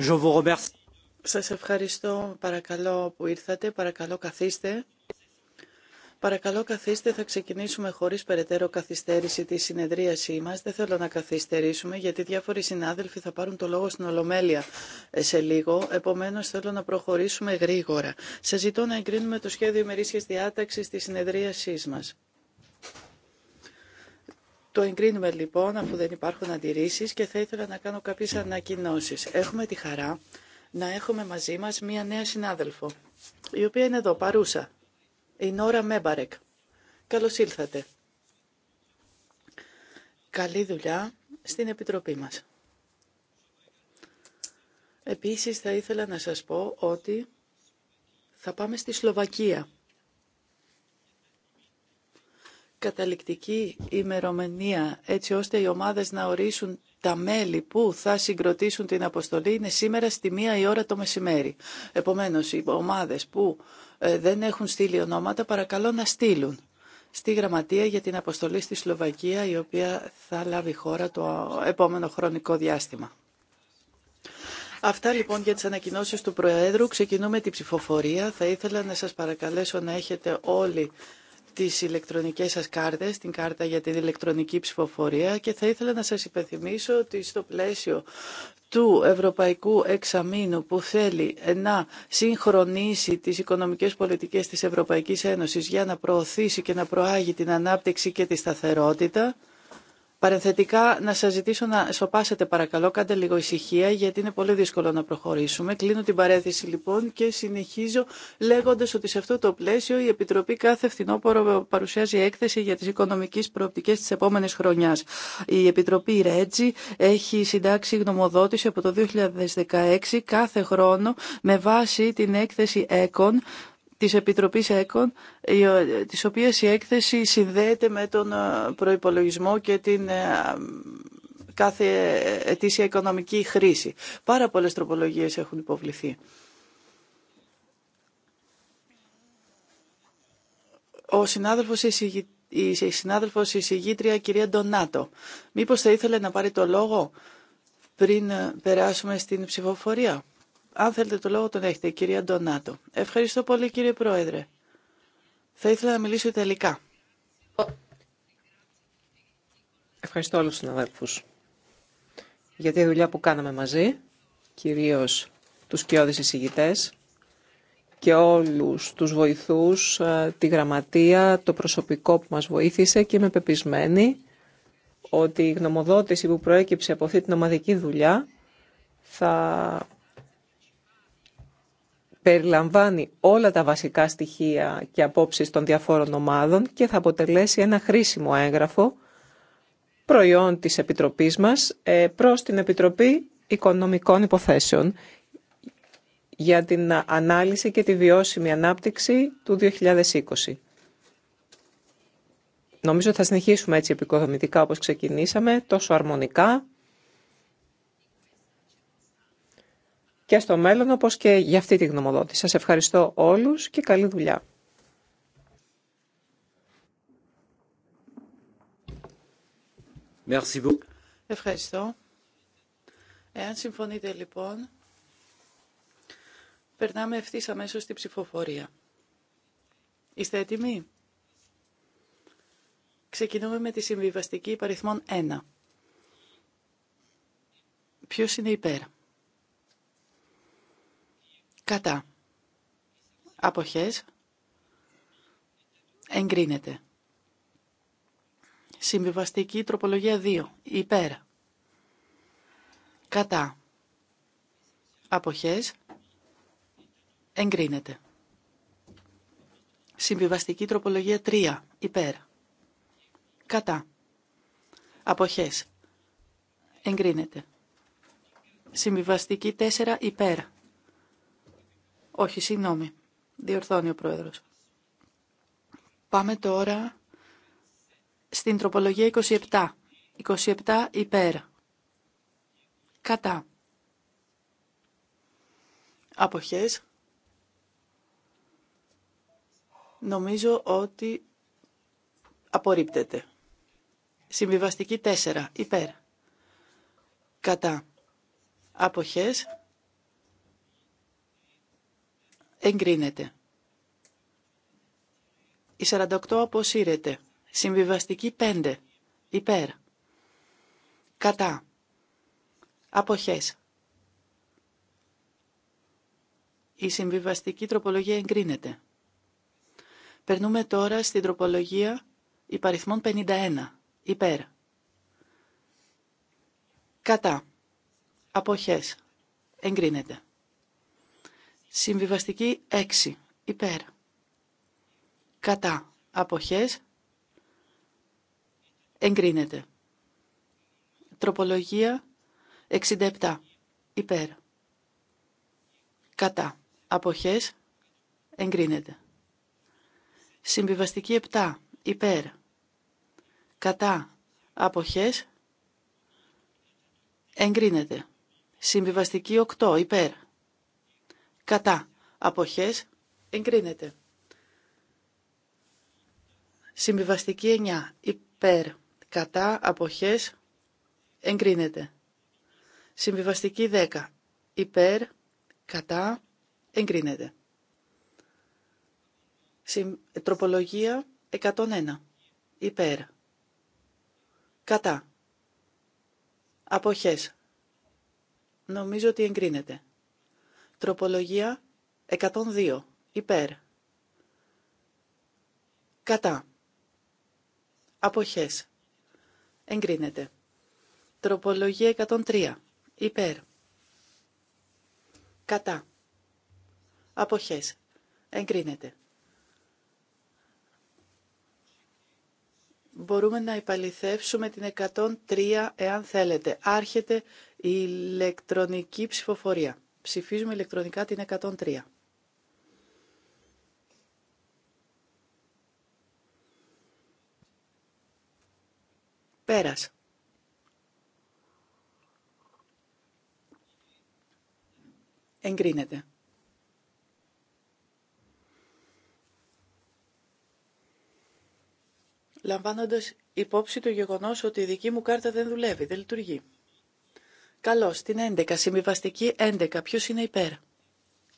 Je Σας ευχαριστώ παρακαλώ που ήρθατε. Παρακαλώ καθίστε. Παρακαλώ καθίστε, θα ξεκινήσουμε χωρίς περαιτέρω καθυστέρηση τη συνεδρίασή μας. Δεν θέλω να καθυστερήσουμε γιατί διάφοροι συνάδελφοι θα πάρουν το λόγο στην Ολομέλεια ε, σε λίγο. Επομένως θέλω να προχωρήσουμε γρήγορα. Σας ζητώ να εγκρίνουμε το σχέδιο ημερήσιας διάταξης της συνεδρίασή μας. Το εγκρίνουμε λοιπόν αφού δεν υπάρχουν αντιρρήσεις και θα ήθελα να κάνω κάποιες ανακοινώσεις. Έχουμε τη χαρά να έχουμε μαζί μας μία νέα συνάδελφο, η οποία είναι εδώ παρούσα, η Νόρα Μέμπαρεκ. Καλώς ήλθατε. Καλή δουλειά στην Επιτροπή μας. Επίσης θα ήθελα να σας πω ότι θα πάμε στη Σλοβακία καταληκτική ημερομηνία έτσι ώστε οι ομάδες να ορίσουν τα μέλη που θα συγκροτήσουν την αποστολή είναι σήμερα στη μία η ώρα το μεσημέρι. Επομένως, οι ομάδες που ε, δεν έχουν στείλει ονόματα παρακαλώ να στείλουν στη Γραμματεία για την αποστολή στη Σλοβακία η οποία θα λάβει χώρα το επόμενο χρονικό διάστημα. Αυτά λοιπόν για τις ανακοινώσεις του Προέδρου. Ξεκινούμε την ψηφοφορία. Θα ήθελα να σας παρακαλέσω να έχετε όλοι τις ηλεκτρονικές σας κάρτες, την κάρτα για την ηλεκτρονική ψηφοφορία και θα ήθελα να σας υπενθυμίσω ότι στο πλαίσιο του Ευρωπαϊκού Εξαμήνου που θέλει να συγχρονίσει τις οικονομικές πολιτικές της Ευρωπαϊκής Ένωσης για να προωθήσει και να προάγει την ανάπτυξη και τη σταθερότητα, Παρενθετικά, να σας ζητήσω να σοπάσετε παρακαλώ, κάντε λίγο ησυχία, γιατί είναι πολύ δύσκολο να προχωρήσουμε. Κλείνω την παρέθεση λοιπόν και συνεχίζω λέγοντας ότι σε αυτό το πλαίσιο η Επιτροπή κάθε φθινόπωρο παρουσιάζει έκθεση για τις οικονομικές προοπτικές τη επόμενη χρονιά. Η Επιτροπή Ρέτζι έχει συντάξει γνωμοδότηση από το 2016 κάθε χρόνο με βάση την έκθεση ΕΚΟΝ της Επιτροπής ΕΚΟΝ, ε, της οποία η έκθεση συνδέεται με τον ε, προϋπολογισμό και την ε, κάθε ετήσια οικονομική χρήση. Πάρα πολλές τροπολογίες έχουν υποβληθεί. Ο συνάδελφος εισηγήτρια, η συνάδελφος κυρία Ντονάτο. Μήπως θα ήθελε να πάρει το λόγο πριν περάσουμε στην ψηφοφορία. Αν θέλετε το λόγο τον έχετε, κυρία Ντονάτο. Ευχαριστώ πολύ κύριε Πρόεδρε. Θα ήθελα να μιλήσω Ιταλικά. Ευχαριστώ όλους τους συναδέλφους για τη δουλειά που κάναμε μαζί, κυρίως τους κοιόδης εισηγητές και όλους τους βοηθούς, ε, τη γραμματεία, το προσωπικό που μας βοήθησε και είμαι πεπισμένη ότι η γνωμοδότηση που προέκυψε από αυτή την ομαδική δουλειά θα περιλαμβάνει όλα τα βασικά στοιχεία και απόψεις των διαφόρων ομάδων και θα αποτελέσει ένα χρήσιμο έγγραφο προϊόν της Επιτροπής μας ε, προς την Επιτροπή Οικονομικών Υποθέσεων για την ανάλυση και τη βιώσιμη ανάπτυξη του 2020. Νομίζω θα συνεχίσουμε έτσι επικοδομητικά όπως ξεκινήσαμε, τόσο αρμονικά, και στο μέλλον, όπως και για αυτή τη γνωμοδότηση. Σας ευχαριστώ όλους και καλή δουλειά. Ευχαριστώ. Εάν συμφωνείτε λοιπόν, περνάμε ευθύ αμέσω στη ψηφοφορία. Είστε έτοιμοι? Ξεκινούμε με τη συμβιβαστική υπαριθμών 1. Ποιος είναι υπέρ? Κατά. Αποχές. Εγκρίνεται. Συμβιβαστική τροπολογία 2. Υπέρ. Κατά. Αποχές. Εγκρίνεται. Συμβιβαστική τροπολογία 3. Υπέρ. Κατά. Αποχές. Εγκρίνεται. Συμβιβαστική 4. Υπέρ. Όχι, συγγνώμη. Διορθώνει ο Πρόεδρος. Πάμε τώρα στην τροπολογία 27. 27 υπέρ. Κατά. Αποχές. Νομίζω ότι απορρίπτεται. Συμβιβαστική 4. Υπέρ. Κατά. Αποχές εγκρίνεται. Η 48 αποσύρεται. Συμβιβαστική 5. Υπέρ. Κατά. Αποχές. Η συμβιβαστική τροπολογία εγκρίνεται. Περνούμε τώρα στην τροπολογία υπαριθμών 51. Υπέρ. Κατά. Αποχές. Εγκρίνεται. Συμβιβαστική 6. Υπέρ. Κατά. Αποχές. Εγκρίνεται. Τροπολογία 67. Υπέρ. Κατά. Αποχές. Εγκρίνεται. Συμβιβαστική 7. Υπέρ. Κατά. Αποχές. Εγκρίνεται. Συμβιβαστική 8. Υπέρ κατά αποχές εγκρίνεται. Συμβιβαστική 9 υπέρ κατά αποχές εγκρίνεται. Συμβιβαστική 10 υπέρ κατά εγκρίνεται. Συμ, τροπολογία 101 υπέρ κατά αποχές νομίζω ότι εγκρίνεται. Τροπολογία 102. Υπέρ. Κατά. Αποχές. Εγκρίνεται. Τροπολογία 103. Υπέρ. Κατά. Αποχές. Εγκρίνεται. Μπορούμε να υπαλληθεύσουμε την 103 εάν θέλετε. Άρχεται η ηλεκτρονική ψηφοφορία. Ψηφίζουμε ηλεκτρονικά την 103. Πέρας. Εγκρίνεται. Λαμβάνοντας υπόψη το γεγονός ότι η δική μου κάρτα δεν δουλεύει, δεν λειτουργεί. Καλώς, την 11, συμβιβαστική 11. Ποιος είναι υπέρ.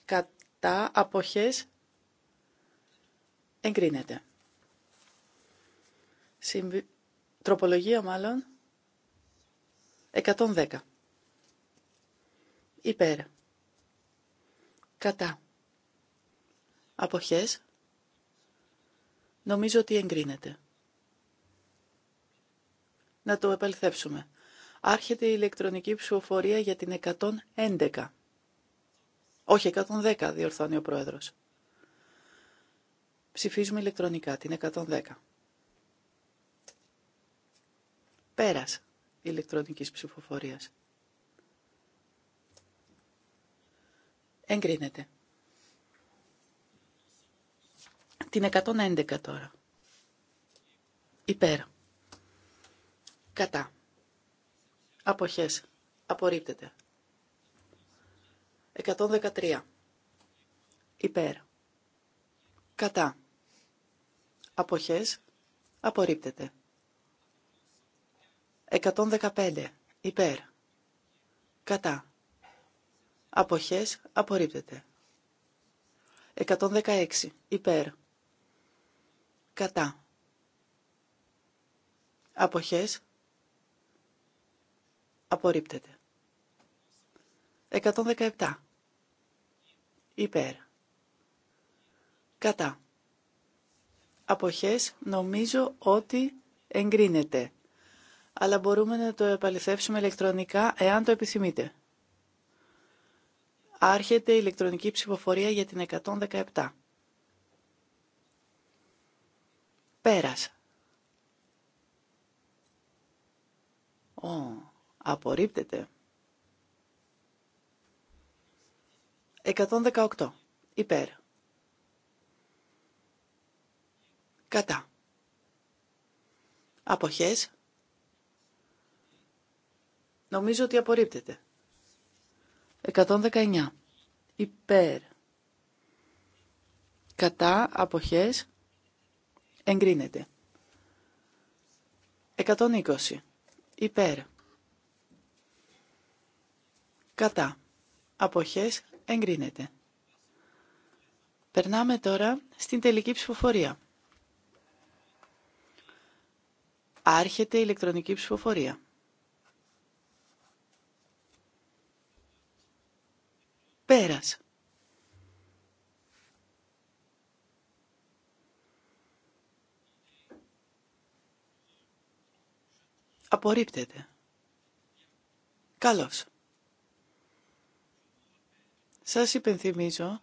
Κατά αποχές εγκρίνεται. Συμβι... Τροπολογία μάλλον 110. Υπέρ. Κατά. Αποχές. Νομίζω ότι εγκρίνεται. Να το επαληθεψουμε. Άρχεται η ηλεκτρονική ψηφοφορία για την 111. Όχι, 110 διορθώνει ο Πρόεδρος. Ψηφίζουμε ηλεκτρονικά την 110. Πέρας ηλεκτρονικής ψηφοφορίας. Εγκρίνεται. Την 111 τώρα. Υπέρ. Κατά. Αποχές. Απορρίπτεται. 113. Υπέρ. Κατά. Αποχές. Απορρίπτεται. 115. Υπέρ. Κατά. Αποχές. Απορρίπτεται. 116. Υπέρ. Κατά. Αποχές. Απορρίπτεται. 117. Υπέρ. Κατά. Αποχές νομίζω ότι εγκρίνεται. Αλλά μπορούμε να το επαληθεύσουμε ηλεκτρονικά εάν το επιθυμείτε. Άρχεται η ηλεκτρονική ψηφοφορία για την 117. Πέρασα. Oh. Απορρίπτεται. 118. Υπέρ. Κατά. Αποχές. Νομίζω ότι απορρίπτεται. 119. Υπέρ. Κατά. Αποχές. Εγκρίνεται. 120. Υπέρ κατά, αποχές, εγκρίνεται. Περνάμε τώρα στην τελική ψηφοφορία. Άρχεται η ηλεκτρονική ψηφοφορία. Πέρας. Απορρίπτεται. Καλώς. Σας υπενθυμίζω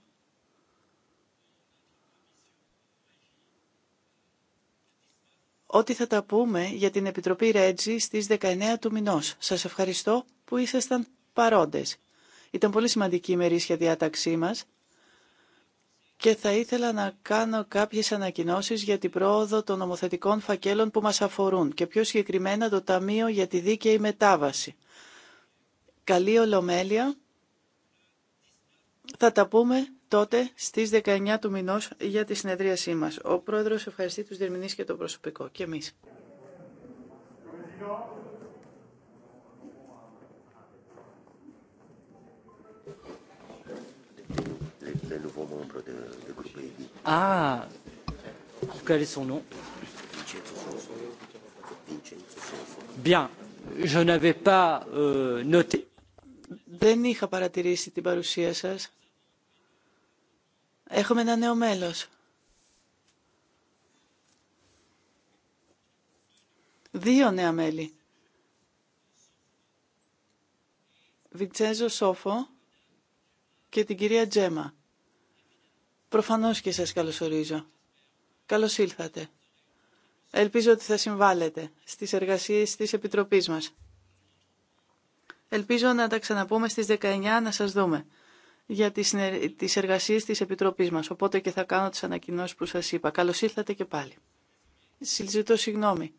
ότι θα τα πούμε για την Επιτροπή Ρέτζη στις 19 του μηνός. Σας ευχαριστώ που ήσασταν παρόντες. Ήταν πολύ σημαντική η μερίσια διάταξή μας και θα ήθελα να κάνω κάποιες ανακοινώσεις για την πρόοδο των νομοθετικών φακέλων που μας αφορούν και πιο συγκεκριμένα το Ταμείο για τη Δίκαιη Μετάβαση. Καλή Ολομέλεια. Θα τα πούμε τότε στις 19 του μηνό για τη συνεδρίασή μας. Ο Πρόεδρος ευχαριστεί τους διερμηνείς και το προσωπικό και εμείς. Ah, quel est son nom Bien, je n'avais pas euh, noté. Δεν είχα παρατηρήσει την παρουσία σας. Έχουμε ένα νέο μέλος. Δύο νέα μέλη. Βιτσέζο Σόφο και την κυρία Τζέμα. Προφανώς και σας καλωσορίζω. Καλώς ήλθατε. Ελπίζω ότι θα συμβάλλετε στις εργασίες της Επιτροπής μας. Ελπίζω να τα ξαναπούμε στις 19 να σας δούμε για τις εργασίες της Επιτροπής μας, οπότε και θα κάνω τις ανακοινώσεις που σας είπα. Καλώς ήρθατε και πάλι. Συζητώ συγγνώμη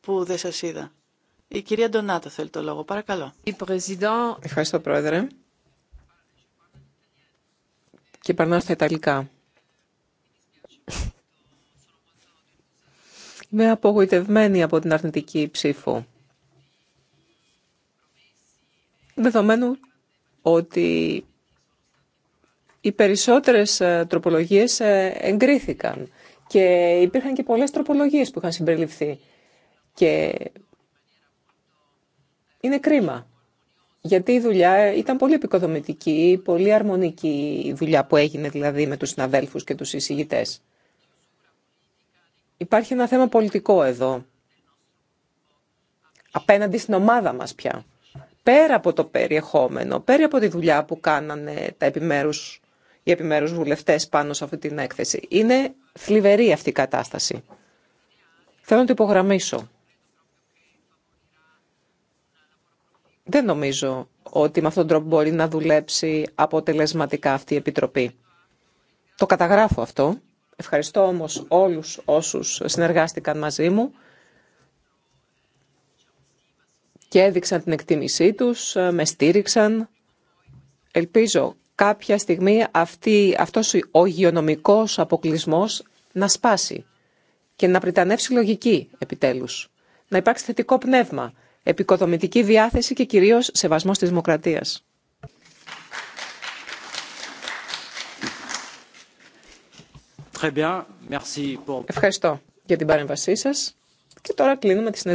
που δεν σας είδα. Η κυρία Ντονάτα θέλει το λόγο. Παρακαλώ. Ευχαριστώ, Πρόεδρε. Και περνάω στα Ιταλικά. Είμαι απογοητευμένη από την αρνητική ψήφο. Δεδομένου ότι οι περισσότερες ε, τροπολογίες ε, εγκρίθηκαν και υπήρχαν και πολλές τροπολογίες που είχαν συμπεριληφθεί. Και είναι κρίμα, γιατί η δουλειά ήταν πολύ επικοδομητική, πολύ αρμονική η δουλειά που έγινε δηλαδή με τους συναδέλφους και τους εισηγητές. Υπάρχει ένα θέμα πολιτικό εδώ, απέναντι στην ομάδα μας πια. Πέρα από το περιεχόμενο, πέρα από τη δουλειά που κάνανε τα επιμέρους οι επιμέρους βουλευτές πάνω σε αυτή την έκθεση. Είναι θλιβερή αυτή η κατάσταση. Θέλω να το υπογραμμίσω. Δεν νομίζω ότι με αυτόν τον τρόπο μπορεί να δουλέψει αποτελεσματικά αυτή η Επιτροπή. Το καταγράφω αυτό. Ευχαριστώ όμως όλους όσους συνεργάστηκαν μαζί μου και έδειξαν την εκτίμησή τους, με στήριξαν. Ελπίζω κάποια στιγμή αυτή, αυτός ο υγειονομικός αποκλεισμός να σπάσει και να πριτανεύσει λογική επιτέλους. Να υπάρξει θετικό πνεύμα, επικοδομητική διάθεση και κυρίως σεβασμός της δημοκρατίας. Ευχαριστώ για την παρέμβασή σας και τώρα κλείνουμε τη συνεδρία.